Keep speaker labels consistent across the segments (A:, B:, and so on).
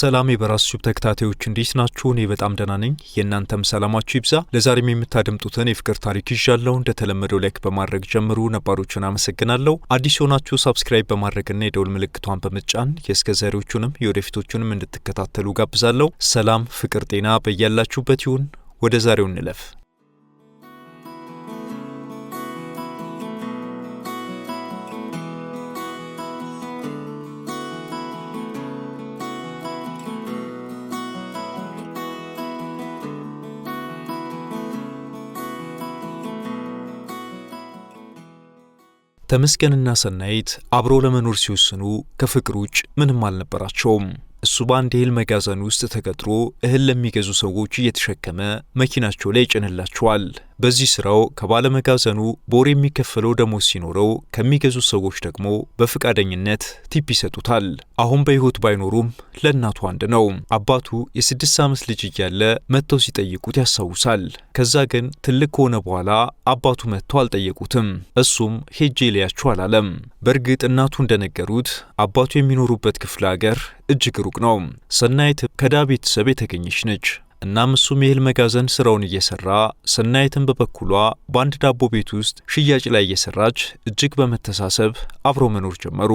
A: ሰላም የበራስ ዩብ ተከታታዮች እንዴት ናችሁ? እኔ በጣም ደህና ነኝ። የእናንተም ሰላማችሁ ይብዛ። ለዛሬም የምታደምጡትን የፍቅር ታሪክ ይዣለሁ። እንደተለመደው ላይክ በማድረግ ጀምሩ። ነባሮቹን አመሰግናለሁ። አዲስ የሆናችሁ ሳብስክራይብ በማድረግና የደውል ምልክቷን በመጫን የእስከ ዛሬዎቹንም የወደፊቶቹንም እንድትከታተሉ ጋብዛለሁ። ሰላም፣ ፍቅር፣ ጤና በያላችሁበት ይሁን። ወደ ዛሬው እንለፍ። ተመስገንና ሰናይት አብሮ ለመኖር ሲወስኑ ከፍቅር ውጭ ምንም አልነበራቸውም። እሱ በአንድ እህል መጋዘን ውስጥ ተቀጥሮ እህል ለሚገዙ ሰዎች እየተሸከመ መኪናቸው ላይ ይጭንላቸዋል። በዚህ ስራው ከባለመጋዘኑ በወር የሚከፈለው ደሞዝ ሲኖረው ከሚገዙ ሰዎች ደግሞ በፈቃደኝነት ቲፕ ይሰጡታል። አሁን በሕይወት ባይኖሩም ለእናቱ አንድ ነው። አባቱ የስድስት ዓመት ልጅ እያለ መጥተው ሲጠይቁት ያስታውሳል። ከዛ ግን ትልቅ ከሆነ በኋላ አባቱ መጥተው አልጠየቁትም። እሱም ሄጄ ልያችሁ አላለም። በእርግጥ እናቱ እንደነገሩት አባቱ የሚኖሩበት ክፍለ አገር እጅግ ሩቅ ነው። ሰናይት ከዳ ቤተሰብ የተገኘች ነች። እናም እሱም የእህል መጋዘን ስራውን እየሰራ ሰናይትን በበኩሏ በአንድ ዳቦ ቤት ውስጥ ሽያጭ ላይ እየሰራች እጅግ በመተሳሰብ አብሮ መኖር ጀመሩ።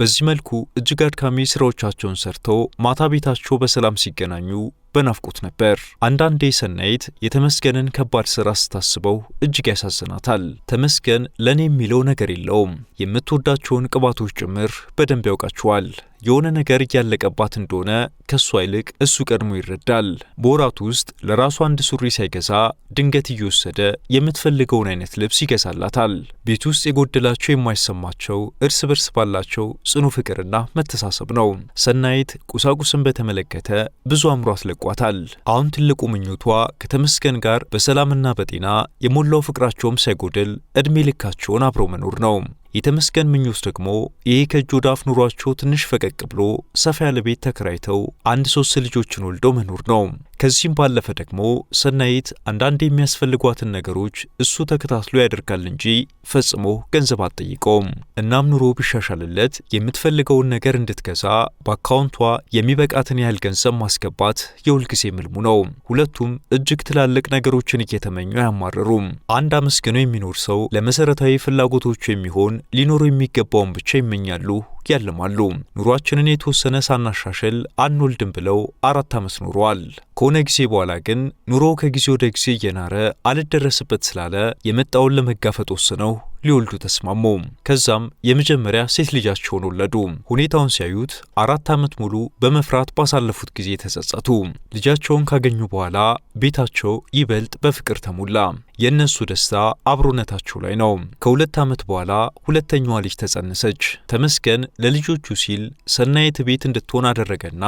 A: በዚህ መልኩ እጅግ አድካሚ ስራዎቻቸውን ሰርተው ማታ ቤታቸው በሰላም ሲገናኙ በናፍቆት ነበር። አንዳንዴ ሰናይት የተመስገንን ከባድ ስራ ስታስበው እጅግ ያሳዝናታል። ተመስገን ለእኔ የሚለው ነገር የለውም። የምትወዳቸውን ቅባቶች ጭምር በደንብ ያውቃቸዋል። የሆነ ነገር እያለቀባት እንደሆነ ከእሷ ይልቅ እሱ ቀድሞ ይረዳል። በወራት ውስጥ ለራሱ አንድ ሱሪ ሳይገዛ ድንገት እየወሰደ የምትፈልገውን አይነት ልብስ ይገዛላታል። ቤት ውስጥ የጎደላቸው የማይሰማቸው እርስ በርስ ባላቸው ጽኑ ፍቅርና መተሳሰብ ነው። ሰናይት ቁሳቁስን በተመለከተ ብዙ አእምሮ አትለቁ ጠብቋታል። አሁን ትልቁ ምኞቷ ከተመስገን ጋር በሰላምና በጤና የሞላው ፍቅራቸውም ሳይጎድል ዕድሜ ልካቸውን አብሮ መኖር ነው። የተመስገን ምኞት ደግሞ ይህ ከእጅ ወደ አፍ ኑሯቸው ትንሽ ፈቀቅ ብሎ ሰፋ ያለ ቤት ተከራይተው አንድ ሶስት ልጆችን ወልደው መኖር ነው። ከዚህም ባለፈ ደግሞ ሰናይት አንዳንድ የሚያስፈልጓትን ነገሮች እሱ ተከታትሎ ያደርጋል እንጂ ፈጽሞ ገንዘብ አትጠይቀውም። እናም ኑሮ ቢሻሻልለት የምትፈልገውን ነገር እንድትገዛ በአካውንቷ የሚበቃትን ያህል ገንዘብ ማስገባት የሁልጊዜ ምልሙ ነው። ሁለቱም እጅግ ትላልቅ ነገሮችን እየተመኙ አያማርሩም። አንድ አመስግኖ የሚኖር ሰው ለመሰረታዊ ፍላጎቶቹ የሚሆን ሊኖሩ የሚገባውን ብቻ ይመኛሉ ያልማሉ። ኑሯችንን የተወሰነ ሳናሻሸል አንወልድም ብለው አራት ዓመት ኖረዋል። ከሆነ ጊዜ በኋላ ግን ኑሮ ከጊዜ ወደ ጊዜ እየናረ አልደረስበት ስላለ የመጣውን ለመጋፈጥ ወስነው ሊወልዱ ተስማሙ። ከዛም የመጀመሪያ ሴት ልጃቸውን ወለዱ። ሁኔታውን ሲያዩት አራት ዓመት ሙሉ በመፍራት ባሳለፉት ጊዜ ተጸጸቱ። ልጃቸውን ካገኙ በኋላ ቤታቸው ይበልጥ በፍቅር ተሞላ። የእነሱ ደስታ አብሮነታቸው ላይ ነው። ከሁለት ዓመት በኋላ ሁለተኛዋ ልጅ ተጸነሰች። ተመስገን ለልጆቹ ሲል ሰናይት ቤት እንድትሆን አደረገና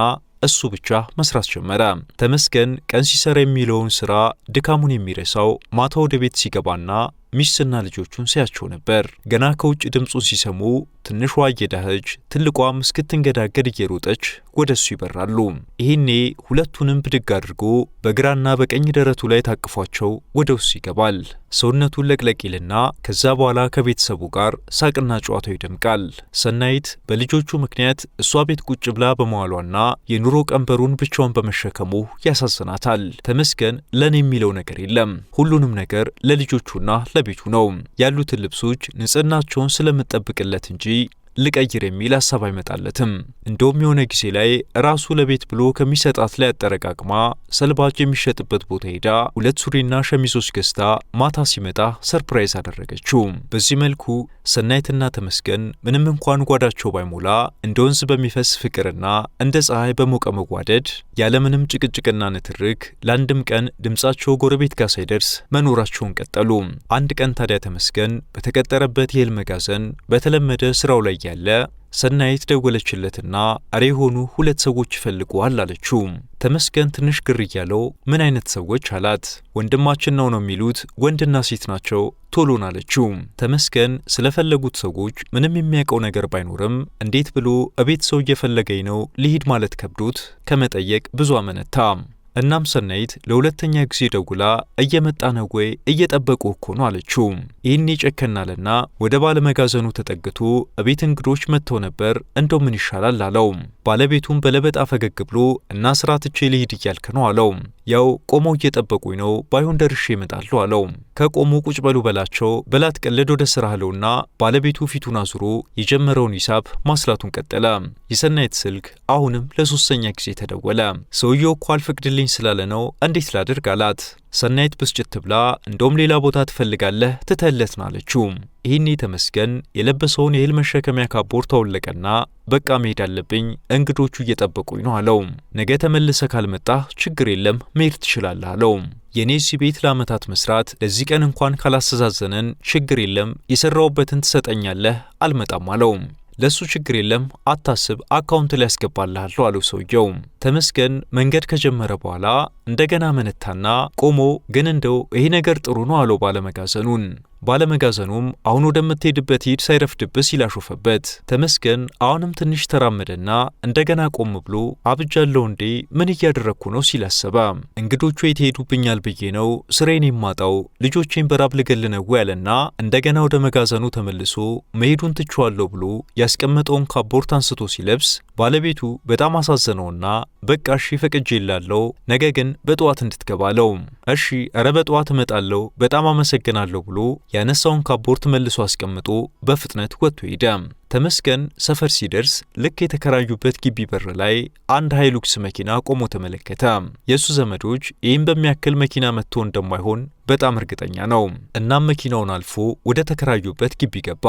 A: እሱ ብቻ መስራት ጀመረ። ተመስገን ቀን ሲሰራ የሚለውን ስራ ድካሙን የሚረሳው ማታ ወደ ቤት ሲገባና ሚስትና ልጆቹን ሲያቸው ነበር። ገና ከውጭ ድምፁን ሲሰሙ ትንሿ እየዳኸች ትልቋም እስክትንገዳገድ እየሮጠች ወደ እሱ ይበራሉ። ይህኔ ሁለቱንም ብድግ አድርጎ በግራና በቀኝ ደረቱ ላይ ታቅፏቸው ወደ ውስጥ ይገባል። ሰውነቱን ለቅለቂልና ከዛ በኋላ ከቤተሰቡ ጋር ሳቅና ጨዋታው ይደምቃል። ሰናይት በልጆቹ ምክንያት እሷ ቤት ቁጭ ብላ በመዋሏና የኑሮ ቀንበሩን ብቻውን በመሸከሙ ያሳዝናታል። ተመስገን ለእኔ የሚለው ነገር የለም። ሁሉንም ነገር ለልጆቹና ባለቤቱ ነው። ያሉትን ልብሶች ንጽህናቸውን ስለምጠብቅለት እንጂ ልቀይር የሚል ሀሳብ አይመጣለትም። እንደውም የሆነ ጊዜ ላይ ራሱ ለቤት ብሎ ከሚሰጣት ላይ አጠረቃቅማ ሰልባጅ የሚሸጥበት ቦታ ሄዳ ሁለት ሱሪና ሸሚዞች ገዝታ ማታ ሲመጣ ሰርፕራይዝ አደረገችው። በዚህ መልኩ ሰናይትና ተመስገን ምንም እንኳን ጓዳቸው ባይሞላ እንደ ወንዝ በሚፈስ ፍቅርና እንደ ፀሐይ በሞቀ መጓደድ ያለምንም ጭቅጭቅና ንትርክ ለአንድም ቀን ድምፃቸው ጎረቤት ጋር ሳይደርስ መኖራቸውን ቀጠሉ። አንድ ቀን ታዲያ ተመስገን በተቀጠረበት የእህል መጋዘን በተለመደ ስራው ላይ እያለ ሰናይት ደወለችለትና አሬ የሆኑ ሁለት ሰዎች ይፈልጉሃል አለችው። ተመስገን ትንሽ ግር እያለው ምን አይነት ሰዎች አላት። ወንድማችን ነው ነው የሚሉት ወንድና ሴት ናቸው ቶሎን አለችው። ተመስገን ስለፈለጉት ሰዎች ምንም የሚያውቀው ነገር ባይኖርም እንዴት ብሎ እቤት ሰው እየፈለገኝ ነው ሊሂድ ማለት ከብዶት ከመጠየቅ ብዙ አመነታ። እናም ሰናይት ለሁለተኛ ጊዜ ደውላ እየመጣ ነው ወይ እየጠበቁ እኮ ነው አለችው። ይህኔ ይጨከናልና ወደ ባለመጋዘኑ ተጠግቶ እቤት እንግዶች መጥተው ነበር እንደው ምን ይሻላል አለው። ባለቤቱን በለበጣ ፈገግ ብሎ እና ስራ ትቼ ልሂድ እያልክ ነው አለው። ያው ቆመው እየጠበቁኝ ነው፣ ባይሆን ደርሼ ይመጣሉ አለው። ከቆሙ ቁጭ በሉ በላቸው፣ በላት ቀለድ ወደ ስራ አለውና ባለቤቱ ፊቱን አዙሮ የጀመረውን ሂሳብ ማስላቱን ቀጠለ። የሰናይት ስልክ አሁንም ለሶስተኛ ጊዜ ተደወለ። ሰውየው እኮ አልፈቅድልኝ ስላለ ነው እንዴት ላደርግ አላት። ሰናይት ብስጭት ብላ እንደውም ሌላ ቦታ ትፈልጋለህ ትተለት ናለችው። ይህኔ ተመስገን የለበሰውን የእህል መሸከሚያ ካቦር ተወለቀና በቃ መሄድ አለብኝ እንግዶቹ እየጠበቁኝ ነው አለው። ነገ ተመልሰ ካልመጣህ ችግር የለም መሄድ ትችላለህ አለው። የኔ እዚህ ቤት ለዓመታት መስራት ለዚህ ቀን እንኳን ካላስተዛዘነን ችግር የለም የሰራውበትን ትሰጠኛለህ አልመጣም አለው። ለእሱ ችግር የለም አታስብ፣ አካውንት ላይ ያስገባልሃለሁ አለው ሰውየው። ተመስገን መንገድ ከጀመረ በኋላ እንደገና መነታና ቆሞ ግን እንደው ይሄ ነገር ጥሩ ነው አለው ባለመጋዘኑን ባለመጋዘኑም አሁን ወደምትሄድበት ሂድ ሳይረፍድብህ ሲል አሾፈበት። ተመስገን አሁንም ትንሽ ተራመደና እንደገና ቆም ብሎ አብጃለሁ እንዴ ምን እያደረግኩ ነው ሲል አሰበ። እንግዶቹ የትሄዱብኛል ብዬ ነው ስሬን የማጣው ልጆቼን በራብ ልገልነው ያለና እንደገና ወደ መጋዘኑ ተመልሶ መሄዱን ትችዋለሁ ብሎ ያስቀመጠውን ካፖርት አንስቶ ሲለብስ ባለቤቱ በጣም አሳዘነውና በቃ እሺ ፈቅጄላለሁ፣ ነገ ግን በጠዋት እንድትገባለው። እሺ ኧረ በጠዋት እመጣለሁ በጣም አመሰግናለሁ ብሎ ያነሳውን ካፖርት መልሶ አስቀምጦ በፍጥነት ወጥቶ ሄደ። ተመስገን ሰፈር ሲደርስ ልክ የተከራዩበት ግቢ በር ላይ አንድ ሃይሉክስ መኪና ቆሞ ተመለከተ። የእሱ ዘመዶች ይህን በሚያክል መኪና መጥቶ እንደማይሆን በጣም እርግጠኛ ነው። እናም መኪናውን አልፎ ወደ ተከራዩበት ግቢ ገባ።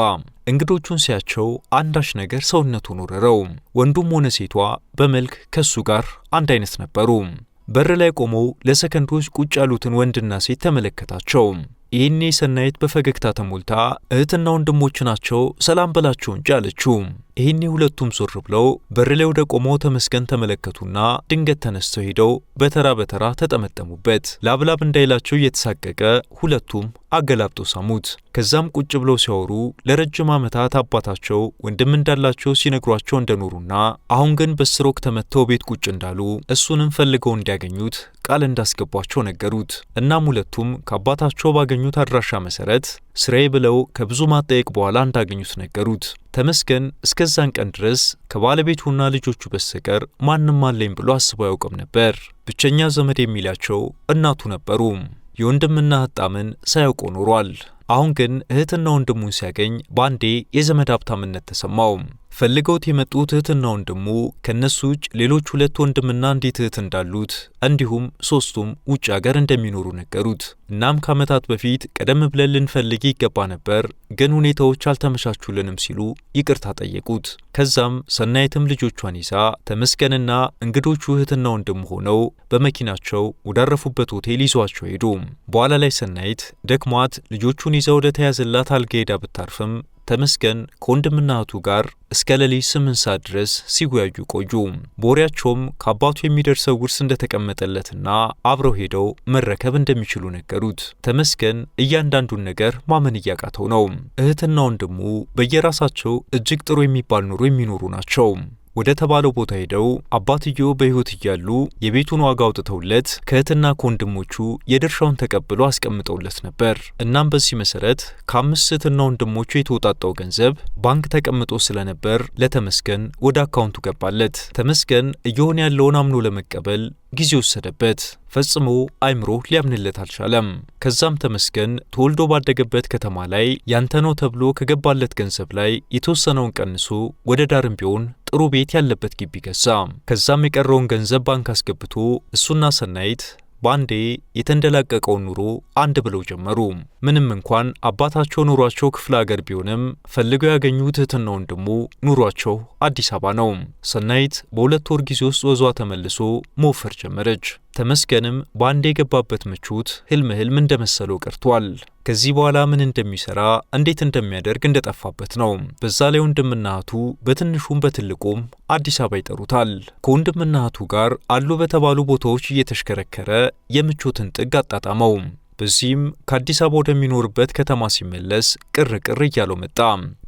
A: እንግዶቹን ሲያቸው አንዳች ነገር ሰውነቱን ወረረው። ወንዱም ሆነ ሴቷ በመልክ ከሱ ጋር አንድ አይነት ነበሩ። በር ላይ ቆመው ለሰከንዶች ቁጭ ያሉትን ወንድና ሴት ተመለከታቸው። ይህኔ ሰናይት በፈገግታ ተሞልታ እህትና ወንድሞች ናቸው ሰላም በላቸው እንጂ አለችው። ይህኔ ሁለቱም ዞር ብለው በር ላይ ወደ ቆመው ተመስገን ተመለከቱና ድንገት ተነስተው ሄደው በተራ በተራ ተጠመጠሙበት። ላብላብ እንዳይላቸው እየተሳቀቀ ሁለቱም አገላብጦ ሳሙት። ከዛም ቁጭ ብለው ሲያወሩ ለረጅም ዓመታት አባታቸው ወንድም እንዳላቸው ሲነግሯቸው እንደኖሩና አሁን ግን በስሮክ ተመተው ቤት ቁጭ እንዳሉ እሱንም ፈልገው እንዲያገኙት ቃል እንዳስገቧቸው ነገሩት። እናም ሁለቱም ከአባታቸው ባገኙት አድራሻ መሰረት ስራዬ ብለው ከብዙ ማጠየቅ በኋላ እንዳገኙት ነገሩት። ተመስገን እስከዛን ቀን ድረስ ከባለቤቱና ልጆቹ በስተቀር ማንም አለኝ ብሎ አስቦ አያውቅም ነበር። ብቸኛ ዘመድ የሚላቸው እናቱ ነበሩ። የወንድምና ህጣምን ጣምን ሳያውቆ ኖሯል። አሁን ግን እህትና ወንድሙን ሲያገኝ በአንዴ የዘመድ ሀብታምነት ተሰማው። ፈልገውት የመጡት እህትና ወንድሙ ከእነሱ ውጭ ሌሎች ሁለት ወንድምና አንዲት እህት እንዳሉት እንዲሁም ሦስቱም ውጭ አገር እንደሚኖሩ ነገሩት። እናም ከዓመታት በፊት ቀደም ብለን ልንፈልግ ይገባ ነበር፣ ግን ሁኔታዎች አልተመቻቹልንም ሲሉ ይቅርታ ጠየቁት። ከዛም ሰናይትም ልጆቿን ይዛ ተመስገንና እንግዶቹ እህትና ወንድም ሆነው በመኪናቸው ወዳረፉበት ሆቴል ይዟቸው ሄዱ። በኋላ ላይ ሰናይት ደክሟት ልጆቹን ይዛ ወደ ተያዘላት አልጋ ሄዳ ብታርፍም ተመስገን ከወንድምና እህቱ ጋር እስከ ሌሊት ስምንት ሰዓት ድረስ ሲወያዩ ቆዩ። በወሬያቸውም ከአባቱ የሚደርሰው ውርስ እንደተቀመጠለትና አብረው ሄደው መረከብ እንደሚችሉ ነገሩት። ተመስገን እያንዳንዱን ነገር ማመን እያቃተው ነው። እህትና ወንድሙ በየራሳቸው እጅግ ጥሩ የሚባል ኑሮ የሚኖሩ ናቸው። ወደ ተባለው ቦታ ሄደው አባትየው በሕይወት እያሉ የቤቱን ዋጋ አውጥተውለት ከእህትና ከወንድሞቹ የድርሻውን ተቀብሎ አስቀምጠውለት ነበር። እናም በዚህ መሰረት ከአምስት እህትና ወንድሞቹ የተወጣጣው ገንዘብ ባንክ ተቀምጦ ስለነበር ለተመስገን ወደ አካውንቱ ገባለት። ተመስገን እየሆነ ያለውን አምኖ ለመቀበል ጊዜ ወሰደበት። ፈጽሞ አይምሮ ሊያምንለት አልቻለም። ከዛም ተመስገን ተወልዶ ባደገበት ከተማ ላይ ያንተ ነው ተብሎ ከገባለት ገንዘብ ላይ የተወሰነውን ቀንሶ ወደ ዳርም ቢሆን ጥሩ ቤት ያለበት ግቢ ገዛ። ከዛም የቀረውን ገንዘብ ባንክ አስገብቶ እሱና ሰናይት ባንዴ የተንደላቀቀውን ኑሮ አንድ ብለው ጀመሩ። ምንም እንኳን አባታቸው ኑሯቸው ክፍለ ሀገር ቢሆንም ፈልገው ያገኙት እህትና ወንድሙ ኑሯቸው አዲስ አበባ ነው። ሰናይት በሁለት ወር ጊዜ ውስጥ ወዟ ተመልሶ መወፈር ጀመረች። ተመስገንም በአንድ የገባበት ምቾት ህልም ህልም እንደመሰለው ቀርቷል። ከዚህ በኋላ ምን እንደሚሰራ እንዴት እንደሚያደርግ እንደጠፋበት ነው። በዛ ላይ ወንድምና እህቱ በትንሹም በትልቁም አዲስ አበባ ይጠሩታል። ከወንድምና እህቱ ጋር አሉ በተባሉ ቦታዎች እየተሽከረከረ የምቾትን ጥግ አጣጣመው። በዚህም ከአዲስ አበባ ወደሚኖርበት ከተማ ሲመለስ ቅር ቅር እያለው መጣ።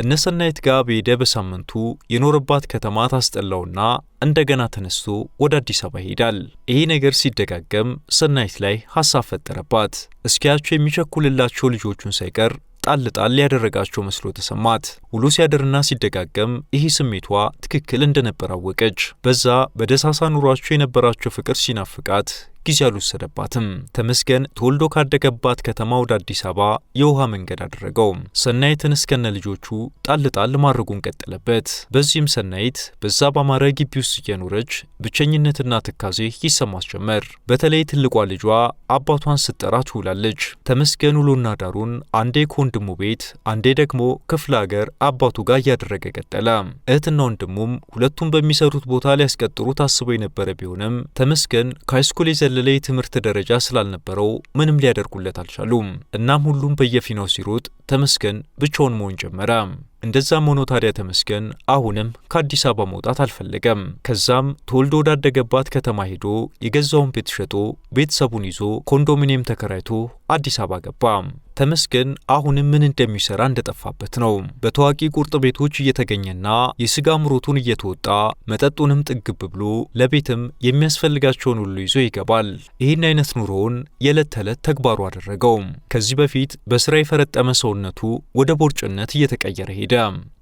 A: እነሰናይት ጋ በሄደ በሳምንቱ የኖረባት ከተማ ታስጠላውና እንደገና ተነስቶ ወደ አዲስ አበባ ይሄዳል። ይሄ ነገር ሲደጋገም ሰናይት ላይ ሀሳብ ፈጠረባት። እስኪያቸው የሚቸኩልላቸው ልጆቹን ሳይቀር ጣል ጣል ያደረጋቸው መስሎ ተሰማት። ውሎ ሲያደርና ሲደጋገም ይህ ስሜቷ ትክክል እንደነበር አወቀች። በዛ በደሳሳ ኑሯቸው የነበራቸው ፍቅር ሲናፍቃት ጊዜ አልወሰደባትም። ተመስገን ተወልዶ ካደገባት ከተማ ወደ አዲስ አበባ የውሃ መንገድ አደረገው። ሰናይትን እስከነ ልጆቹ ጣል ጣል ማድረጉን ቀጠለበት። በዚህም ሰናይት በዛ ባማረ ግቢ ውስጥ እየኖረች ብቸኝነትና ትካዜ ይሰማት ጀመር። በተለይ ትልቋ ልጇ አባቷን ስትጠራ ትውላለች። ተመስገን ውሎና ዳሩን አንዴ ከወንድሙ ቤት አንዴ ደግሞ ክፍለ ሀገር አባቱ ጋር እያደረገ ቀጠለ። እህትና ወንድሙም ሁለቱም በሚሰሩት ቦታ ሊያስቀጥሩ ታስቦ የነበረ ቢሆንም ተመስገን ከሃይስኩል የዘለለ የትምህርት ደረጃ ስላልነበረው ምንም ሊያደርጉለት አልቻሉም። እናም ሁሉም በየፊናው ሲሮጥ ተመስገን ብቻውን መሆን ጀመረ። እንደዛም ሆኖ ታዲያ ተመስገን አሁንም ከአዲስ አበባ መውጣት አልፈለገም። ከዛም ተወልዶ ወዳደገባት ከተማ ሄዶ የገዛውን ቤት ሸጦ ቤተሰቡን ይዞ ኮንዶሚኒየም ተከራይቶ አዲስ አበባ ገባ። ተመስገን አሁንም ምን እንደሚሰራ እንደጠፋበት ነው። በታዋቂ ቁርጥ ቤቶች እየተገኘና የስጋ ምሮቱን እየተወጣ መጠጡንም ጥግብ ብሎ ለቤትም የሚያስፈልጋቸውን ሁሉ ይዞ ይገባል። ይህን አይነት ኑሮውን የዕለት ተዕለት ተግባሩ አደረገው። ከዚህ በፊት በስራ የፈረጠመ ሰውነቱ ወደ ቦርጭነት እየተቀየረ ሄደ።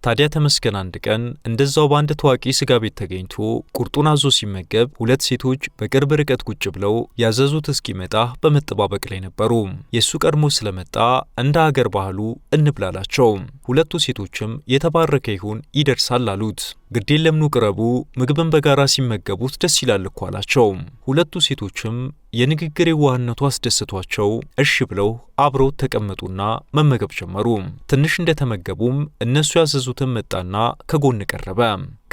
A: ታዲያ ተመስገን አንድ ቀን እንደዛው በአንድ ታዋቂ ስጋ ቤት ተገኝቶ ቁርጡን አዞ ሲመገብ ሁለት ሴቶች በቅርብ ርቀት ቁጭ ብለው ያዘዙት እስኪመጣ በመጠባበቅ ላይ ነበሩ። የእሱ ቀድሞ ስለመጣ እንደ አገር ባህሉ እንብላላቸው። ሁለቱ ሴቶችም የተባረከ ይሁን ይደርሳል አሉት። ግዴን ለምኑ ቅረቡ፣ ምግብን በጋራ ሲመገቡት ደስ ይላል እኮ አላቸው። ሁለቱ ሴቶችም የንግግር የዋህነቱ አስደስቷቸው እሺ ብለው አብረው ተቀመጡና መመገብ ጀመሩ። ትንሽ እንደተመገቡም እነሱ ያዘዙትን መጣና ከጎን ቀረበ።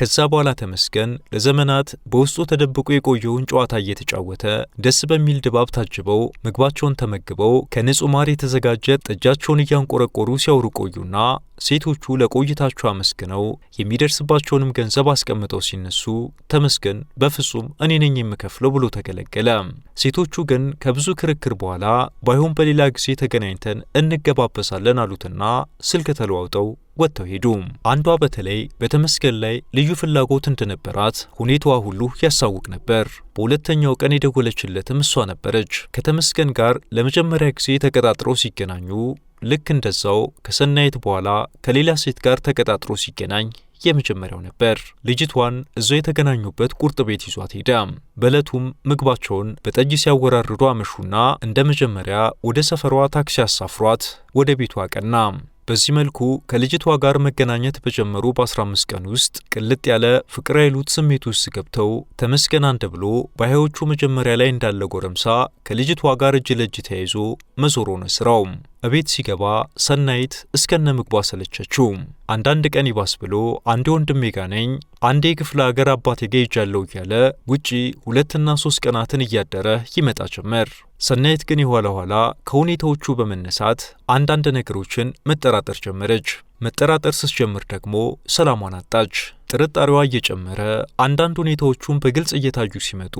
A: ከዛ በኋላ ተመስገን ለዘመናት በውስጡ ተደብቆ የቆየውን ጨዋታ እየተጫወተ ደስ በሚል ድባብ ታጅበው ምግባቸውን ተመግበው ከንጹህ ማር የተዘጋጀ ጠጃቸውን እያንቆረቆሩ ሲያወሩ ቆዩና ሴቶቹ ለቆይታቸው አመስግነው የሚደርስባቸውንም ገንዘብ አስቀምጠው ሲነሱ ተመስገን በፍጹም እኔ ነኝ የምከፍለው ብሎ ተገለገለ። ሴቶቹ ግን ከብዙ ክርክር በኋላ ባይሆን በሌላ ጊዜ ተገናኝተን እንገባበሳለን አሉትና ስልክ ተለዋውጠው ወጥተው ሄዱ። አንዷ በተለይ በተመስገን ላይ ልዩ ፍላጎት እንደነበራት ሁኔታዋ ሁሉ ያሳውቅ ነበር። በሁለተኛው ቀን የደወለችለትም እሷ ነበረች። ከተመስገን ጋር ለመጀመሪያ ጊዜ ተቀጣጥረው ሲገናኙ ልክ እንደዛው ከሰናይት በኋላ ከሌላ ሴት ጋር ተቀጣጥሮ ሲገናኝ የመጀመሪያው ነበር። ልጅቷን እዛው የተገናኙበት ቁርጥ ቤት ይዟት ሄደ። በእለቱም ምግባቸውን በጠጅ ሲያወራርዱ አመሹና እንደ መጀመሪያ ወደ ሰፈሯ ታክሲ አሳፍሯት ወደ ቤቷ አቀና። በዚህ መልኩ ከልጅቷ ጋር መገናኘት በጀመሩ በ15 ቀን ውስጥ ቅልጥ ያለ ፍቅር ያይሉት ስሜት ውስጥ ገብተው ተመስገን አንድ ብሎ ባህዮቹ መጀመሪያ ላይ እንዳለ ጎረምሳ ከልጅቷ ጋር እጅ ለእጅ ተያይዞ መዞር ሆነ ስራውም። እቤት ሲገባ ሰናይት እስከነ ምግቧ ሰለቸችው። አንዳንድ ቀን ይባስ ብሎ አንድ ወንድሜ ጋ ነኝ አንዴ ክፍለ ሀገር አባቴ ጋ ይጃለው እያለ ውጪ ሁለትና ሶስት ቀናትን እያደረ ይመጣ ጀመር። ሰናይት ግን የኋላ ኋላ ከሁኔታዎቹ በመነሳት አንዳንድ ነገሮችን መጠራጠር ጀመረች። መጠራጠር ስትጀምር ደግሞ ሰላሟን አጣች። ጥርጣሬዋ እየጨመረ አንዳንድ ሁኔታዎቹን በግልጽ እየታዩ ሲመጡ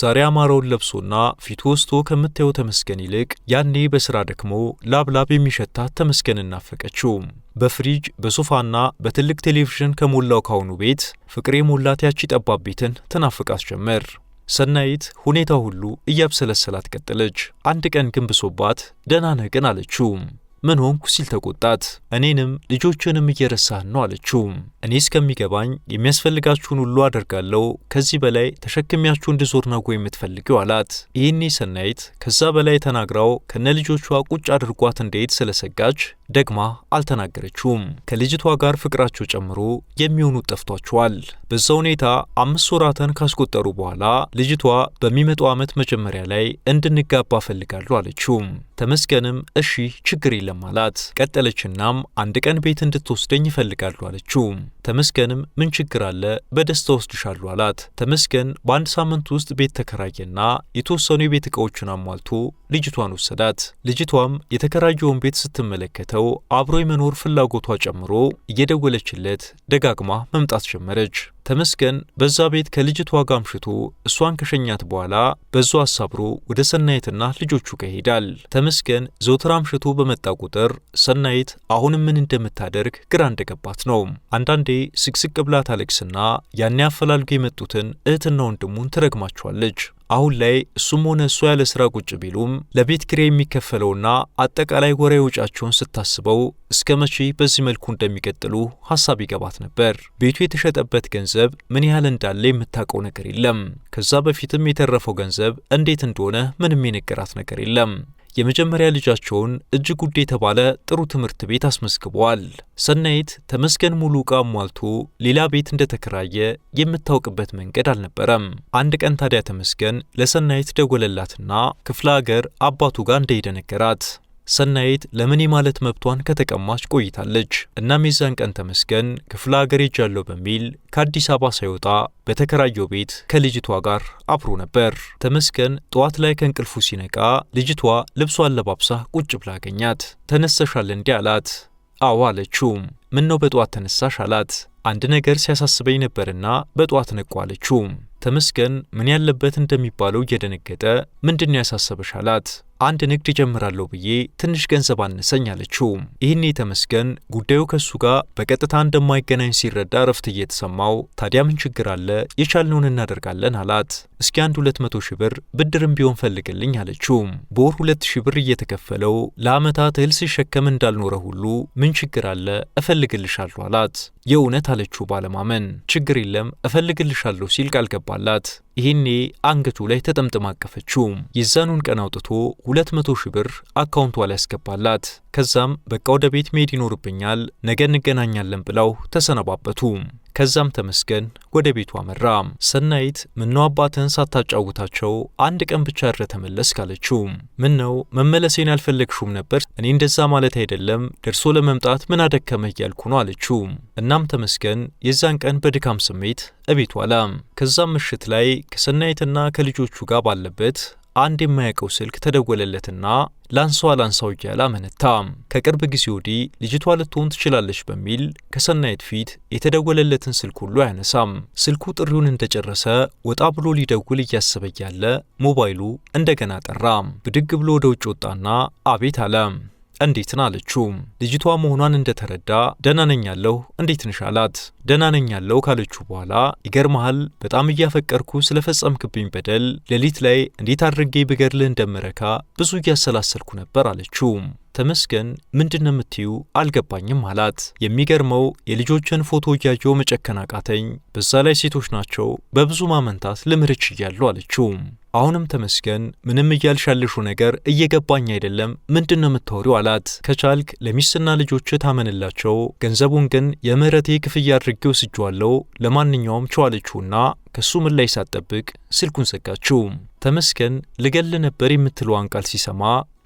A: ዛሬ አማረውን ለብሶና ፊቱ ወስቶ ከምታየው ተመስገን ይልቅ ያኔ በስራ ደክሞ ላብላብ የሚሸታት ተመስገን እናፈቀችው። በፍሪጅ በሶፋና በትልቅ ቴሌቪዥን ከሞላው ካሁኑ ቤት ፍቅር የሞላት ያቺ ጠባብ ቤትን ትናፍቃት ጀመር። ሰናይት ሁኔታ ሁሉ እያብሰለሰላት ቀጠለች። አንድ ቀን ግን ብሶባት ደህና ነህ ግን አለችው። ምን ሆንኩ ሲል ተቆጣት። እኔንም ልጆችንም እየረሳህ ነው አለችው። እኔ እስከሚገባኝ የሚያስፈልጋችሁን ሁሉ አደርጋለሁ። ከዚህ በላይ ተሸክሚያችሁ እንድዞር ነው የምትፈልጊው አላት። ይህኔ ሰናይት ከዛ በላይ ተናግራው ከነ ልጆቿ ቁጭ አድርጓት እንዴት ስለሰጋች ደግማ አልተናገረችውም። ከልጅቷ ጋር ፍቅራቸው ጨምሮ የሚሆኑት ጠፍቷቸዋል። በዛ ሁኔታ አምስት ወራትን ካስቆጠሩ በኋላ ልጅቷ በሚመጣው ዓመት መጀመሪያ ላይ እንድንጋባ ፈልጋለሁ አለችው። ተመስገንም እሺ ችግር የለም አላት። ቀጠለችናም አንድ ቀን ቤት እንድትወስደኝ ይፈልጋሉ አለችው። ተመስገንም ምን ችግር አለ በደስታ ወስድሻሉ አላት። ተመስገን በአንድ ሳምንት ውስጥ ቤት ተከራየና የተወሰኑ የቤት ዕቃዎችን አሟልቶ ልጅቷን ወሰዳት። ልጅቷም የተከራየውን ቤት ስትመለከተው አብሮ የመኖር ፍላጎቷ ጨምሮ እየደወለችለት ደጋግማ መምጣት ጀመረች። ተመስገን በዛ ቤት ከልጅቷ ጋር አምሽቶ እሷን ከሸኛት በኋላ በዛ አሳብሮ ወደ ሰናይትና ልጆቹ ጋር ይሄዳል። ተመስገን ዘውትር አምሽቶ በመጣ ቁጥር ሰናይት አሁንም ምን እንደምታደርግ ግራ እንደገባት ነው። አንዳንዴ ስቅስቅ ብላ ታለቅስና ያኔ አፈላልጎ የመጡትን እህትና ወንድሙን ትረግማቸዋለች። አሁን ላይ እሱም ሆነ እሷ ያለ ስራ ቁጭ ቢሉም ለቤት ክሬ የሚከፈለውና አጠቃላይ ወሬ ወጫቸውን ስታስበው እስከ መቼ በዚህ መልኩ እንደሚቀጥሉ ሀሳብ ይገባት ነበር። ቤቱ የተሸጠበት ገንዘብ ምን ያህል እንዳለ የምታውቀው ነገር የለም። ከዛ በፊትም የተረፈው ገንዘብ እንዴት እንደሆነ ምንም የነገራት ነገር የለም። የመጀመሪያ ልጃቸውን እጅግ ውድ የተባለ ጥሩ ትምህርት ቤት አስመዝግበዋል። ሰናይት ተመስገን ሙሉ ዕቃ አሟልቶ ሌላ ቤት እንደተከራየ የምታውቅበት መንገድ አልነበረም። አንድ ቀን ታዲያ ተመስገን ለሰናይት ደወለላትና ክፍለ ሀገር አባቱ ጋር እንደሄደ ነገራት። ሰናይት ለምን ማለት መብቷን ከተቀማች ቆይታለች። እናም የዛን ቀን ተመስገን ክፍለ ሀገር ሄጃለሁ በሚል ከአዲስ አበባ ሳይወጣ በተከራየው ቤት ከልጅቷ ጋር አብሮ ነበር። ተመስገን ጠዋት ላይ ከእንቅልፉ ሲነቃ ልጅቷ ልብሷን ለባብሳ ቁጭ ብላ አገኛት። ተነሰሻል እንዲህ አላት። አዎ አለችው። ምን ነው በጠዋት ተነሳሽ አላት። አንድ ነገር ሲያሳስበኝ ነበርና በጠዋት ነቁ አለችው። ተመስገን ምን ያለበት እንደሚባለው እየደነገጠ ምንድን ያሳሰበሽ አላት። አንድ ንግድ ጀምራለሁ ብዬ ትንሽ ገንዘብ አነሰኝ አለችው። ይህኔ ተመስገን ጉዳዩ ከእሱ ጋር በቀጥታ እንደማይገናኝ ሲረዳ እረፍት እየተሰማው ታዲያ ምን ችግር አለ የቻልነውን እናደርጋለን አላት። እስኪ አንድ ሁለት መቶ ሺህ ብር ብድርም ቢሆን ፈልግልኝ አለችው። በወር ሁለት ሺህ ብር እየተከፈለው ለዓመታት እህል ሲሸከም እንዳልኖረ ሁሉ ምን ችግር አለ እፈልግልሻለሁ አላት። የእውነት አለችው ባለማመን። ችግር የለም እፈልግልሻለሁ ሲል ቃል ገባ አገባላት። ይህኔ አንገቱ ላይ ተጠምጥማ አቀፈችው። የዛኑን ቀን አውጥቶ 200 ሺህ ብር አካውንቷ ላይ ያስገባላት። ከዛም በቃ ወደ ቤት መሄድ ይኖርብኛል፣ ነገ እንገናኛለን ብለው ተሰነባበቱ። ከዛም ተመስገን ወደ ቤቱ አመራ። ሰናይት ምነው አባትህን ሳታጫውታቸው አንድ ቀን ብቻ እረ ተመለስ አለችው። ምን ነው መመለሴን ያልፈለግሹም ነበር? እኔ እንደዛ ማለት አይደለም፣ ደርሶ ለመምጣት ምን አደከመህ እያልኩ ነው አለችው። እናም ተመስገን የዛን ቀን በድካም ስሜት እቤቱ አላ። ከዛም ምሽት ላይ ከሰናይትና ከልጆቹ ጋር ባለበት አንድ የማያውቀው ስልክ ተደወለለትና ላንሳዋ ላንሳው እያለ አመነታ። ከቅርብ ጊዜ ወዲህ ልጅቷ ልትሆን ትችላለች በሚል ከሰናይት ፊት የተደወለለትን ስልክ ሁሉ አያነሳም። ስልኩ ጥሪውን እንደጨረሰ ወጣ ብሎ ሊደውል እያሰበ እያለ ሞባይሉ እንደገና ጠራ። ብድግ ብሎ ወደ ውጭ ወጣና አቤት አለ። እንዴት ና አለችው። ልጅቷ መሆኗን እንደተረዳ ደህና ነኝ ያለሁ እንዴት ነሽ አላት። ደህና ነኝ ያለሁ ካለችው በኋላ ይገርመሃል፣ በጣም እያፈቀርኩ ስለፈጸምክብኝ በደል ሌሊት ላይ እንዴት አድርጌ ብገድልህ እንደምረካ ብዙ እያሰላሰልኩ ነበር አለችው። ተመስገን ምንድን ነው የምትዩ? አልገባኝም አላት። የሚገርመው የልጆችን ፎቶ እያየው መጨከን አቃተኝ፣ በዛ ላይ ሴቶች ናቸው፣ በብዙ ማመንታት ልምርች እያሉ አለችው። አሁንም ተመስገን ምንም እያልሻልሹ ነገር እየገባኝ አይደለም፣ ምንድን ነው የምታወሪው አላት። ከቻልክ ለሚስትና ልጆች ታመንላቸው፣ ገንዘቡን ግን የምህረቴ ክፍያ አድርጌ ወስጄዋለሁ፣ ለማንኛውም ቸዋለችውና ከሱ ምላሽ ሳትጠብቅ ስልኩን ዘጋችው። ተመስገን ልገል ነበር የምትለዋን ቃል ሲሰማ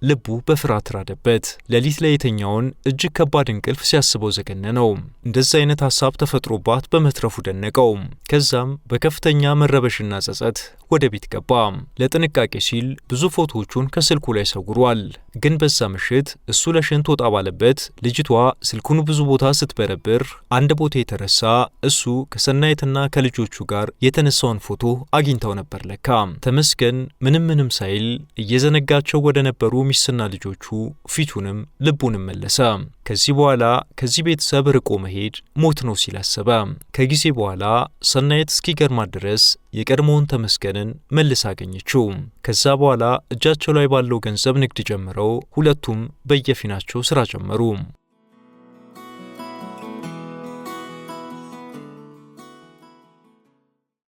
A: ልቡ በፍርሃት ራደበት። ሌሊት ላይ የተኛውን እጅግ ከባድ እንቅልፍ ሲያስበው ዘገነ ነው። እንደዚህ አይነት ሀሳብ ተፈጥሮባት በመትረፉ ደነቀው። ከዛም በከፍተኛ መረበሽና ጸጸት ወደ ቤት ገባ። ለጥንቃቄ ሲል ብዙ ፎቶዎቹን ከስልኩ ላይ ሰውሯል። ግን በዛ ምሽት እሱ ለሽንት ወጣ ባለበት ልጅቷ ስልኩን ብዙ ቦታ ስትበረብር አንድ ቦታ የተረሳ እሱ ከሰናይትና ከልጆቹ ጋር የተነሳውን ፎቶ አግኝተው ነበር። ለካ ተመስገን ምንም ምንም ሳይል እየዘነጋቸው ወደ ነበሩ ሚስትና ልጆቹ ፊቱንም ልቡንም መለሰ። ከዚህ በኋላ ከዚህ ቤተሰብ ርቆ መሄድ ሞት ነው ሲል አሰበ። ከጊዜ በኋላ ሰናየት እስኪገርማት ድረስ የቀድሞውን ተመስገንን መልስ አገኘችው። ከዛ በኋላ እጃቸው ላይ ባለው ገንዘብ ንግድ ጀምረው ሁለቱም በየፊናቸው ስራ ጀመሩ።